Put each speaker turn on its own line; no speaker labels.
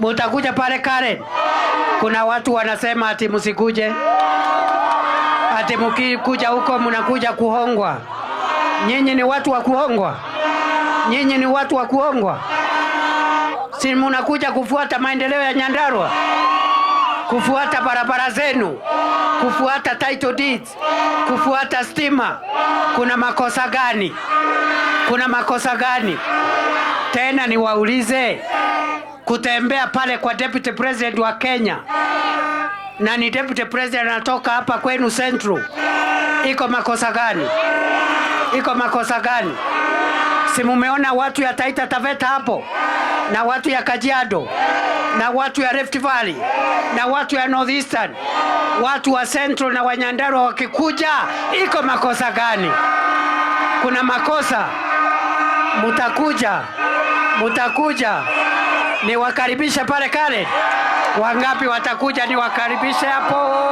mutakuja pale Karen? Kuna watu wanasema ati msikuje, ati mkikuja huko mnakuja kuhongwa. Nyinyi ni watu wa kuhongwa? Nyinyi ni watu wa kuhongwa? Si mnakuja kufuata maendeleo ya Nyandarua, kufuata barabara zenu, kufuata title deeds, kufuata stima. Kuna makosa gani? Kuna makosa gani? Tena niwaulize kutembea pale kwa deputy president wa Kenya, na ni deputy president anatoka hapa kwenu Central. Iko makosa gani? Iko makosa gani? Si mumeona watu ya Taita Taveta hapo na watu ya Kajiado na watu ya Rift Valley na watu ya Northeastern, watu wa Central na Wanyandarua wakikuja, iko makosa gani? Kuna makosa mutakuja, mutakuja niwakaribishe pale kale, wangapi watakuja? Niwakaribishe hapo.